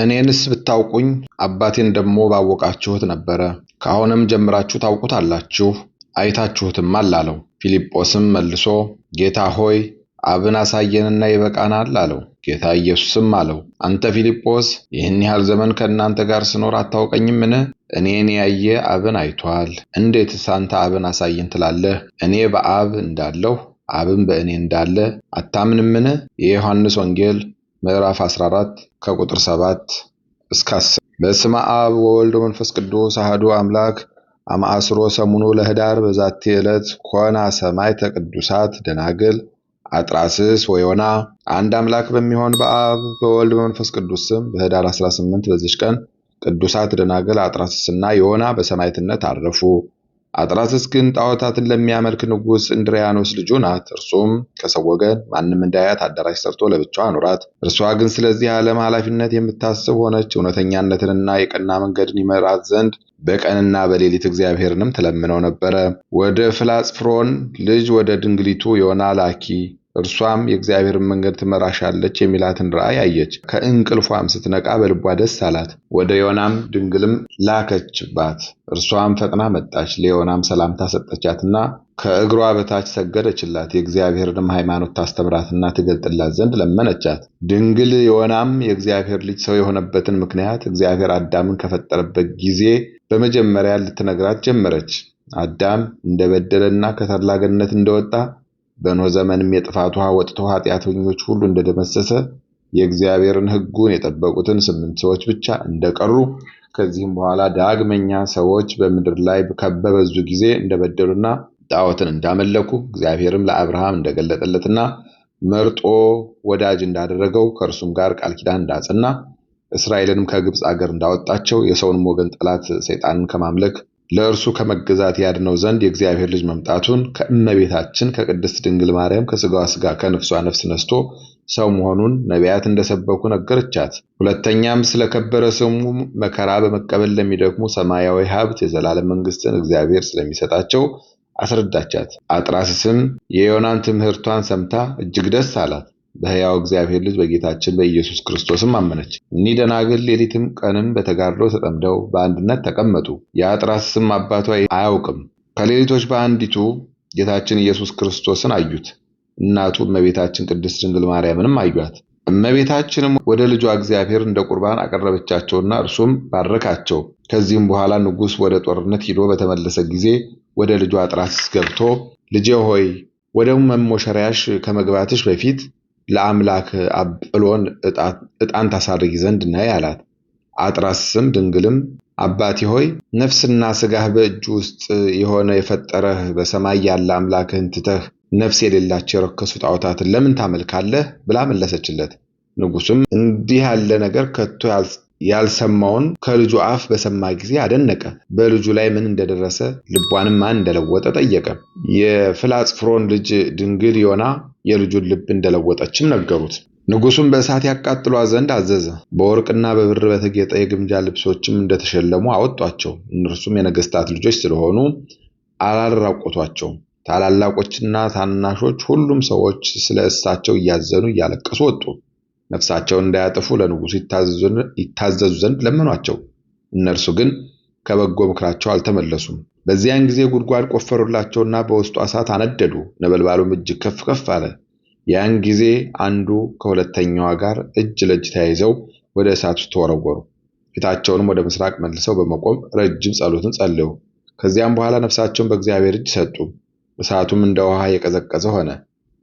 እኔንስ ብታውቁኝ አባቴን ደግሞ ባወቃችሁት ነበረ። ከአሁንም ጀምራችሁ ታውቁታላችሁ አይታችሁትም አላለው። ፊልጶስም መልሶ ጌታ ሆይ አብን አሳየንና ይበቃናል አለው። ጌታ ኢየሱስም አለው አንተ ፊልጶስ ይህን ያህል ዘመን ከእናንተ ጋር ስኖር አታውቀኝምን? እኔን ያየ አብን አይቷል። እንዴትስ አንተ አብን አሳየን ትላለህ? እኔ በአብ እንዳለሁ አብን በእኔ እንዳለ አታምንምን? የዮሐንስ ወንጌል ምዕራፍ 14 ከቁጥር 7 እስከ 10። በስመ አብ ወወልድ መንፈስ ቅዱስ አህዱ አምላክ አማአስሮ ሰሙኑ ለህዳር በዛቲ ዕለት ኮና ሰማዕተ ቅዱሳት ደናግል አጥራስስ ወዮና። አንድ አምላክ በሚሆን በአብ በወልድ በመንፈስ ቅዱስ ስም በህዳር 18 በዚች ቀን ቅዱሳት ደናግል አጥራስስና ዮና በሰማዕትነት አረፉ። አጥራስስ ግን ጣዖታትን ለሚያመልክ ንጉሥ እንድሪያኖስ ልጁ ናት። እርሱም ከሰው ወገን ማንም እንዳያት አዳራሽ ሰርቶ ለብቻዋ አኑራት። እርሷ ግን ስለዚህ ዓለም ኃላፊነት የምታስብ ሆነች። እውነተኛነትንና የቀና መንገድን ይመራት ዘንድ በቀንና በሌሊት እግዚአብሔርንም ትለምነው ነበረ። ወደ ፍላጽፍሮን ልጅ ወደ ድንግሊቱ ዮና ላኪ እርሷም የእግዚአብሔርን መንገድ ትመራሻለች የሚላትን ራእይ አየች። ከእንቅልፏም ስትነቃ በልቧ ደስ አላት። ወደ ዮናም ድንግልም ላከችባት። እርሷም ፈጥና መጣች። ለዮናም ሰላምታ ሰጠቻትና ከእግሯ በታች ሰገደችላት። የእግዚአብሔርንም ሃይማኖት ታስተምራትና ትገልጥላት ዘንድ ለመነቻት። ድንግል ዮናም የእግዚአብሔር ልጅ ሰው የሆነበትን ምክንያት እግዚአብሔር አዳምን ከፈጠረበት ጊዜ በመጀመሪያ ልትነግራት ጀመረች። አዳም እንደበደለና ከተድላ እንደወጣ በኖህ ዘመንም የጥፋት ውሃ ወጥቶ ኃጢአተኞች ሁሉ እንደደመሰሰ የእግዚአብሔርን ሕጉን የጠበቁትን ስምንት ሰዎች ብቻ እንደቀሩ ከዚህም በኋላ ዳግመኛ ሰዎች በምድር ላይ ከበበዙ ጊዜ እንደበደሉና ጣዖትን እንዳመለኩ እግዚአብሔርም ለአብርሃም እንደገለጠለትና መርጦ ወዳጅ እንዳደረገው ከእርሱም ጋር ቃል ኪዳን እንዳጸና እስራኤልንም ከግብፅ አገር እንዳወጣቸው የሰውንም ወገን ጠላት ሰይጣንን ከማምለክ ለእርሱ ከመገዛት ያድነው ዘንድ የእግዚአብሔር ልጅ መምጣቱን ከእመቤታችን ከቅድስት ድንግል ማርያም ከስጋዋ ስጋ ከነፍሷ ነፍስ ነስቶ ሰው መሆኑን ነቢያት እንደሰበኩ ነገረቻት። ሁለተኛም ስለከበረ ስሙ መከራ በመቀበል ለሚደክሙ ሰማያዊ ሀብት የዘላለም መንግስትን እግዚአብሔር ስለሚሰጣቸው አስረዳቻት። አጥራስስም የዮናን ትምህርቷን ሰምታ እጅግ ደስ አላት። በሕያው እግዚአብሔር ልጅ በጌታችን በኢየሱስ ክርስቶስም አመነች። እኒህ ደናግል ሌሊትም ቀንም በተጋድሎ ተጠምደው በአንድነት ተቀመጡ። ስም አባቷ አያውቅም። ከሌሊቶች በአንዲቱ ጌታችን ኢየሱስ ክርስቶስን አዩት። እናቱ እመቤታችን ቅድስት ድንግል ማርያምንም አዩአት። እመቤታችንም ወደ ልጇ እግዚአብሔር እንደ ቁርባን አቀረበቻቸውና እርሱም ባረካቸው። ከዚህም በኋላ ንጉሥ ወደ ጦርነት ሂዶ በተመለሰ ጊዜ ወደ ልጇ አጥራስ ገብቶ ልጄ ሆይ ወደ መሞሸሪያሽ ከመግባትሽ በፊት ለአምላክ አብ ጵሎን ዕጣን ታሳርጊ ዘንድ ነይ አላት። አጥራስም ድንግልም አባቴ ሆይ ነፍስና ስጋህ በእጁ ውስጥ የሆነ የፈጠረህ በሰማይ ያለ አምላክህን ትተህ ነፍስ የሌላቸው የረከሱ ጣዖታትን ለምን ታመልካለህ ብላ መለሰችለት። ንጉስም እንዲህ ያለ ነገር ከቶ ያልሰማውን ከልጁ አፍ በሰማ ጊዜ አደነቀ። በልጁ ላይ ምን እንደደረሰ ልቧንም ማን እንደለወጠ ጠየቀ። የፍላጽፍሮን ልጅ ድንግል ዮና የልጁን ልብ እንደለወጠችም ነገሩት። ንጉሱን በእሳት ያቃጥሏ ዘንድ አዘዘ። በወርቅና በብር በተጌጠ የግምጃ ልብሶችም እንደተሸለሙ አወጧቸው። እነርሱም የነገስታት ልጆች ስለሆኑ አላራቆቷቸውም። ታላላቆችና ታናሾች ሁሉም ሰዎች ስለ እሳቸው እያዘኑ እያለቀሱ ወጡ። ነፍሳቸውን እንዳያጠፉ ለንጉሱ ይታዘዙ ዘንድ ለመኗቸው። እነርሱ ግን ከበጎ ምክራቸው አልተመለሱም። በዚያን ጊዜ ጉድጓድ ቆፈሩላቸውና በውስጡ እሳት አነደዱ። ነበልባሉም እጅግ ከፍ ከፍ አለ። ያን ጊዜ አንዱ ከሁለተኛዋ ጋር እጅ ለእጅ ተያይዘው ወደ እሳት ውስጥ ተወረወሩ። ፊታቸውንም ወደ ምስራቅ መልሰው በመቆም ረጅም ጸሎትን ጸለዩ። ከዚያም በኋላ ነፍሳቸውን በእግዚአብሔር እጅ ሰጡ። እሳቱም እንደ ውሃ የቀዘቀዘ ሆነ።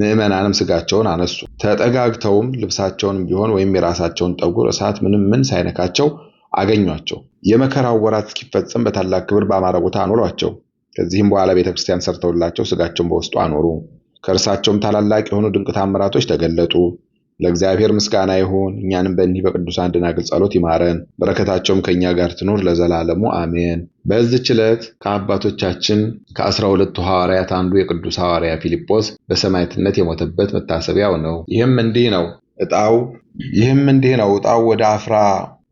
ምዕመናንም ስጋቸውን አነሱ። ተጠጋግተውም ልብሳቸውን ቢሆን ወይም የራሳቸውን ጠጉር እሳት ምንም ምን ሳይነካቸው አገኟቸው። የመከራው ወራት እስኪፈጸም በታላቅ ክብር በአማረ ቦታ አኖሯቸው። ከዚህም በኋላ ቤተክርስቲያን ሰርተውላቸው ስጋቸውን በውስጡ አኖሩ። ከእርሳቸውም ታላላቅ የሆኑ ድንቅ ታምራቶች ተገለጡ። ለእግዚአብሔር ምስጋና ይሁን። እኛንም በእኒህ በቅዱሳን ደናግል ጸሎት ይማረን፣ በረከታቸውም ከእኛ ጋር ትኑር ለዘላለሙ አሜን። በዚህች ዕለት ከአባቶቻችን ከአስራ ሁለቱ ሐዋርያት አንዱ የቅዱስ ሐዋርያ ፊልጶስ በሰማዕትነት የሞተበት መታሰቢያው ነው። ይህም እንዲህ ነው እጣው ይህም እንዲህ ነው እጣው ወደ አፍራ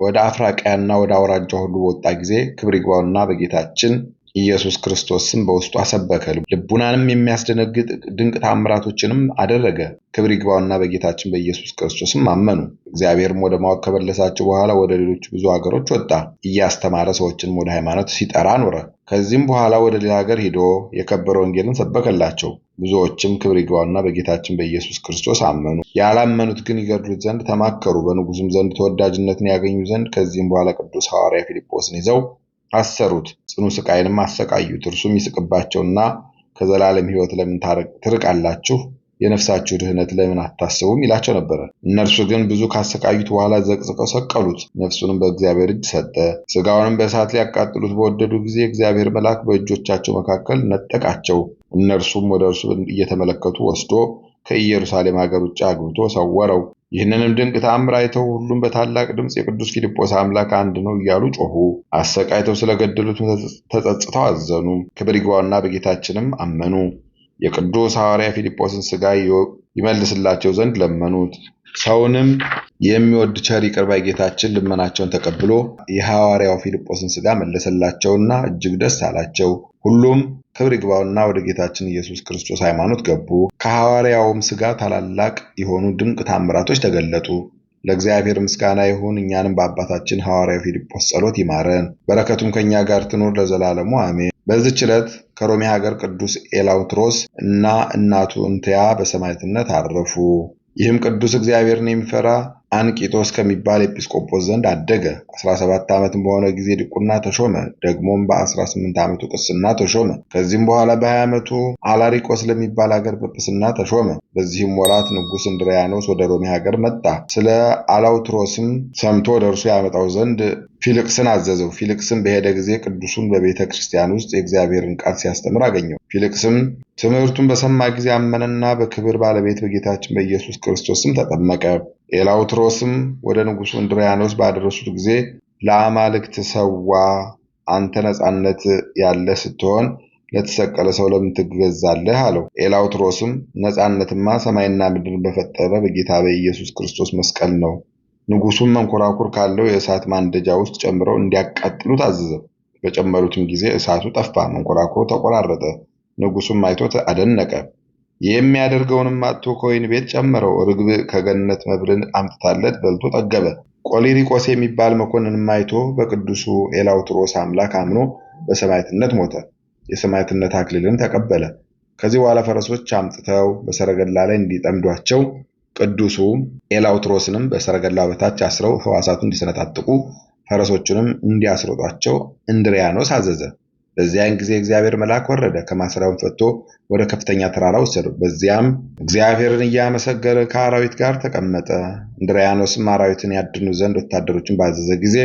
ወደ አፍራቅያና ወደ አውራጃ ሁሉ በወጣ ጊዜ ክብር ይግባውና በጌታችን ኢየሱስ ክርስቶስም በውስጡ አሰበከ፣ ልቡናንም የሚያስደነግጥ ድንቅ ታምራቶችንም አደረገ። ክብር ይግባውና በጌታችን በኢየሱስ ክርስቶስም አመኑ። እግዚአብሔርም ወደ ማወቅ ከመለሳቸው በኋላ ወደ ሌሎች ብዙ ሀገሮች ወጣ፣ እያስተማረ ሰዎችንም ወደ ሃይማኖት ሲጠራ ኖረ። ከዚህም በኋላ ወደ ሌላ ሀገር ሂዶ የከበረ ወንጌልን ሰበከላቸው። ብዙዎችም ክብር ይግባውና በጌታችን በኢየሱስ ክርስቶስ አመኑ። ያላመኑት ግን ይገድሉት ዘንድ ተማከሩ፣ በንጉሱም ዘንድ ተወዳጅነትን ያገኙ ዘንድ ከዚህም በኋላ ቅዱስ ሐዋርያ ፊልጶስን ይዘው አሰሩት፣ ጽኑ ስቃይንም አሰቃዩት። እርሱም ይስቅባቸውና ከዘላለም ሕይወት ለምን ትርቃላችሁ? የነፍሳችሁ ድህነት ለምን አታስቡም? ይላቸው ነበረ። እነርሱ ግን ብዙ ካሰቃዩት በኋላ ዘቅዝቀው ሰቀሉት። ነፍሱንም በእግዚአብሔር እጅ ሰጠ። ሥጋውንም በእሳት ሊያቃጥሉት በወደዱ ጊዜ እግዚአብሔር መልአክ በእጆቻቸው መካከል ነጠቃቸው። እነርሱም ወደ እርሱ እየተመለከቱ ወስዶ ከኢየሩሳሌም ሀገር ውጭ አግብቶ ሰወረው። ይህንንም ድንቅ ተአምር አይተው ሁሉም በታላቅ ድምፅ የቅዱስ ፊልጶስ አምላክ አንድ ነው እያሉ ጮሁ። አሰቃይተው ስለገደሉትም ተጸጽተው አዘኑ። ክብር ይግባውና በጌታችንም አመኑ። የቅዱስ ሐዋርያ ፊልጶስን ሥጋ ይመልስላቸው ዘንድ ለመኑት። ሰውንም የሚወድ ቸር ይቅር ባይ ጌታችን ልመናቸውን ተቀብሎ የሐዋርያው ፊልጶስን ሥጋ መለሰላቸውና እጅግ ደስ አላቸው። ሁሉም ክብር ይግባውና ወደ ጌታችን ኢየሱስ ክርስቶስ ሃይማኖት ገቡ። ከሐዋርያውም ሥጋ ታላላቅ የሆኑ ድንቅ ታምራቶች ተገለጡ። ለእግዚአብሔር ምስጋና ይሁን። እኛንም በአባታችን ሐዋርያው ፊልጶስ ጸሎት ይማረን፣ በረከቱም ከእኛ ጋር ትኑር ለዘላለሙ አሜን። በዚች ዕለት ከሮሜ ሀገር ቅዱስ ኤላውትሮስ እና እናቱ እንትያ በሰማዕትነት አረፉ። ይህም ቅዱስ እግዚአብሔርን የሚፈራ አንቂጦስ ከሚባል ኤጲስቆጶስ ዘንድ አደገ። 17 ዓመትም በሆነ ጊዜ ድቁና ተሾመ። ደግሞም በ18 ዓመቱ ቅስና ተሾመ። ከዚህም በኋላ በ20 ዓመቱ አላሪቆስ ለሚባል ሀገር ጵጵስና ተሾመ። በዚህም ወራት ንጉሥ እንድሪያኖስ ወደ ሮሜ ሀገር መጣ። ስለ አላውትሮስም ሰምቶ ወደ እርሱ ያመጣው ዘንድ ፊልቅስን አዘዘው። ፊልቅስም በሄደ ጊዜ ቅዱሱን በቤተ ክርስቲያን ውስጥ የእግዚአብሔርን ቃል ሲያስተምር አገኘው። ፊልቅስም ትምህርቱን በሰማ ጊዜ አመነና በክብር ባለቤት በጌታችን በኢየሱስ ክርስቶስም ተጠመቀ። ኤላውትሮስም ወደ ንጉሱ እንድሪያኖስ ባደረሱት ጊዜ ለአማልክት ሰዋ፣ አንተ ነፃነት ያለ ስትሆን ለተሰቀለ ሰው ለምን ትገዛለህ? አለው። ኤላውትሮስም ነፃነትማ ሰማይና ምድር በፈጠረ በጌታ በኢየሱስ ክርስቶስ መስቀል ነው። ንጉሱም መንኮራኩር ካለው የእሳት ማንደጃ ውስጥ ጨምረው እንዲያቃጥሉት አዘዘ። በጨመሩትም ጊዜ እሳቱ ጠፋ፣ መንኮራኩሩ ተቆራረጠ። ንጉሱም አይቶት አደነቀ። የሚያደርገውንም አጥቶ ከወይን ቤት ጨመረው። ርግብ ከገነት መብልን አምጥታለት በልቶ ጠገበ። ቆሊሪቆስ የሚባል መኮንን ማይቶ በቅዱሱ ኤላውትሮስ አምላክ አምኖ በሰማዕትነት ሞተ። የሰማዕትነት አክሊልን ተቀበለ። ከዚህ በኋላ ፈረሶች አምጥተው በሰረገላ ላይ እንዲጠምዷቸው ቅዱሱ ኤላውትሮስንም በሰረገላ በታች አስረው ሕዋሳቱን እንዲሰነጣጥቁ ፈረሶቹንም እንዲያስሮጧቸው እንድሪያኖስ አዘዘ። በዚያን ጊዜ እግዚአብሔር መልአክ ወረደ፣ ከማሰሪያውን ፈቶ ወደ ከፍተኛ ተራራ ወሰደው። በዚያም እግዚአብሔርን እያመሰገነ ከአራዊት ጋር ተቀመጠ። እንድሪያኖስም አራዊትን ያድኑ ዘንድ ወታደሮችን ባዘዘ ጊዜ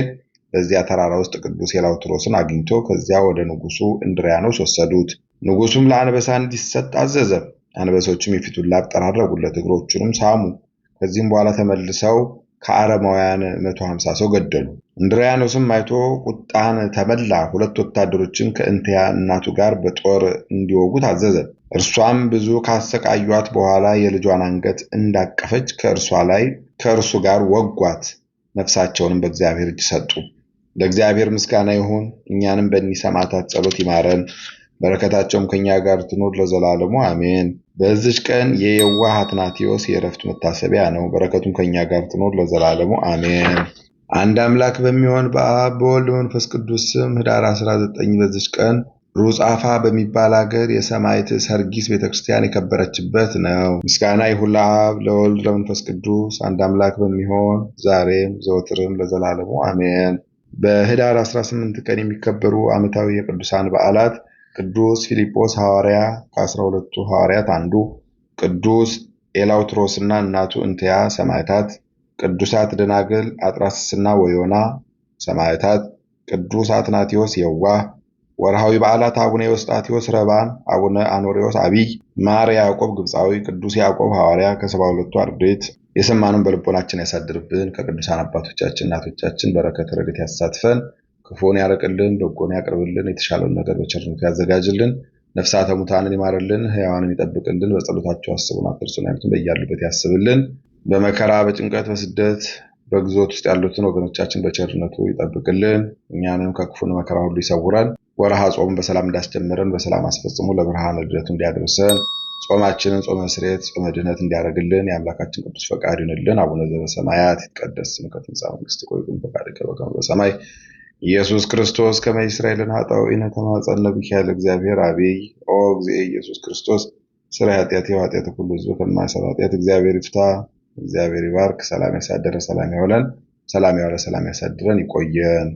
በዚያ ተራራ ውስጥ ቅዱስ ኤላውትሮስን አግኝቶ ከዚያ ወደ ንጉሱ እንድሪያኖስ ወሰዱት። ንጉሱም ለአንበሳ እንዲሰጥ አዘዘ። አንበሶችም የፊቱን ላብ ጠራረጉለት፣ እግሮቹንም ሳሙ። ከዚህም በኋላ ተመልሰው ከአረማውያን 150 ሰው ገደሉ። እንድሪያኖስም አይቶ ቁጣን ተመላ። ሁለት ወታደሮችን ከእንትያ እናቱ ጋር በጦር እንዲወጉ ታዘዘ። እርሷም ብዙ ካሰቃዩት በኋላ የልጇን አንገት እንዳቀፈች ከእርሷ ላይ ከእርሱ ጋር ወጓት። ነፍሳቸውንም በእግዚአብሔር እጅ ሰጡ። ለእግዚአብሔር ምስጋና ይሁን፣ እኛንም በእኒህ ሰማዕታት ጸሎት ይማረን፣ በረከታቸውም ከእኛ ጋር ትኖር ለዘላለሙ አሜን። በዚች ቀን የየዋህ አትናቴዎስ የዕረፍት መታሰቢያ ነው። በረከቱም ከእኛ ጋር ትኖር ለዘላለሙ አሜን። አንድ አምላክ በሚሆን በአብ በወልድ መንፈስ ቅዱስ ስም ህዳር 19 በዚች ቀን ሩጻፋ በሚባል አገር የሰማዕት ሰርጊስ ቤተክርስቲያን የከበረችበት ነው። ምስጋና ይሁን ለአብ ለወልድ ለመንፈስ ቅዱስ አንድ አምላክ በሚሆን ዛሬም ዘወትርም ለዘላለሙ አሜን። በህዳር 18 ቀን የሚከበሩ ዓመታዊ የቅዱሳን በዓላት ቅዱስ ፊልጶስ ሐዋርያ ከአስራ ሁለቱ ሐዋርያት አንዱ፣ ቅዱስ ኤላውትሮስና እናቱ እንትያ ሰማዕታት ቅዱሳት ደናግል አጥራስስና ወዮና ሰማዕታት፣ ቅዱስ አትናቴዎስ የዋህ። ወርሃዊ በዓላት አቡነ ዮስጣቴዎስ ረባን፣ አቡነ አኖሪዎስ አቢይ፣ ማር ያዕቆብ ግብፃዊ፣ ቅዱስ ያዕቆብ ሐዋርያ ከሰባ ሁለቱ አርድእት። የሰማኑን በልቦናችን ያሳድርብን። ከቅዱሳን አባቶቻችን እናቶቻችን በረከት ረድኤት ያሳትፈን። ክፉን ያርቅልን፣ በጎን ያቅርብልን፣ የተሻለውን ነገር በቸርነቱ ያዘጋጅልን፣ ነፍሳተ ሙታንን ይማርልን፣ ሕያዋንን ይጠብቅልን፣ በጸሎታቸው አስቡን፣ አትርሱን፣ በያሉበት ያስብልን። በመከራ በጭንቀት በስደት በግዞት ውስጥ ያሉትን ወገኖቻችን በቸርነቱ ይጠብቅልን፣ እኛንም ከክፉን መከራ ሁሉ ይሰውራል። ወርሃ ጾሙን በሰላም እንዳስጀምረን በሰላም አስፈጽሞ ለብርሃን ልደቱ እንዲያደርሰን ጾማችንን ጾመ ስርየት ጾመ ድህነት እንዲያደርግልን የአምላካችን ቅዱስ ፈቃድ ይሁንልን። አቡነ ዘበሰማያት ይትቀደስ ስምከ ትምጻእ መንግሥትከ ወይኩን ፈቃድከ በከመ በሰማይ ኢየሱስ ክርስቶስ ከመ ይስራኤልን ኃጣውኢነ ተማጸነ ብኪ እግዚአብሔር አብይ ኦ እግዚእ ኢየሱስ ክርስቶስ ስራ ኃጢአት የኃጢአት ሁሉ ሕዝብ ከማይሰራ ኃጢአት እግዚአብሔር ይፍታ እግዚአብሔር ይባርክ። ሰላም ያሳደረ ሰላም ያውለን፣ ሰላም ያዋለ ሰላም ያሳድረን። ይቆየን።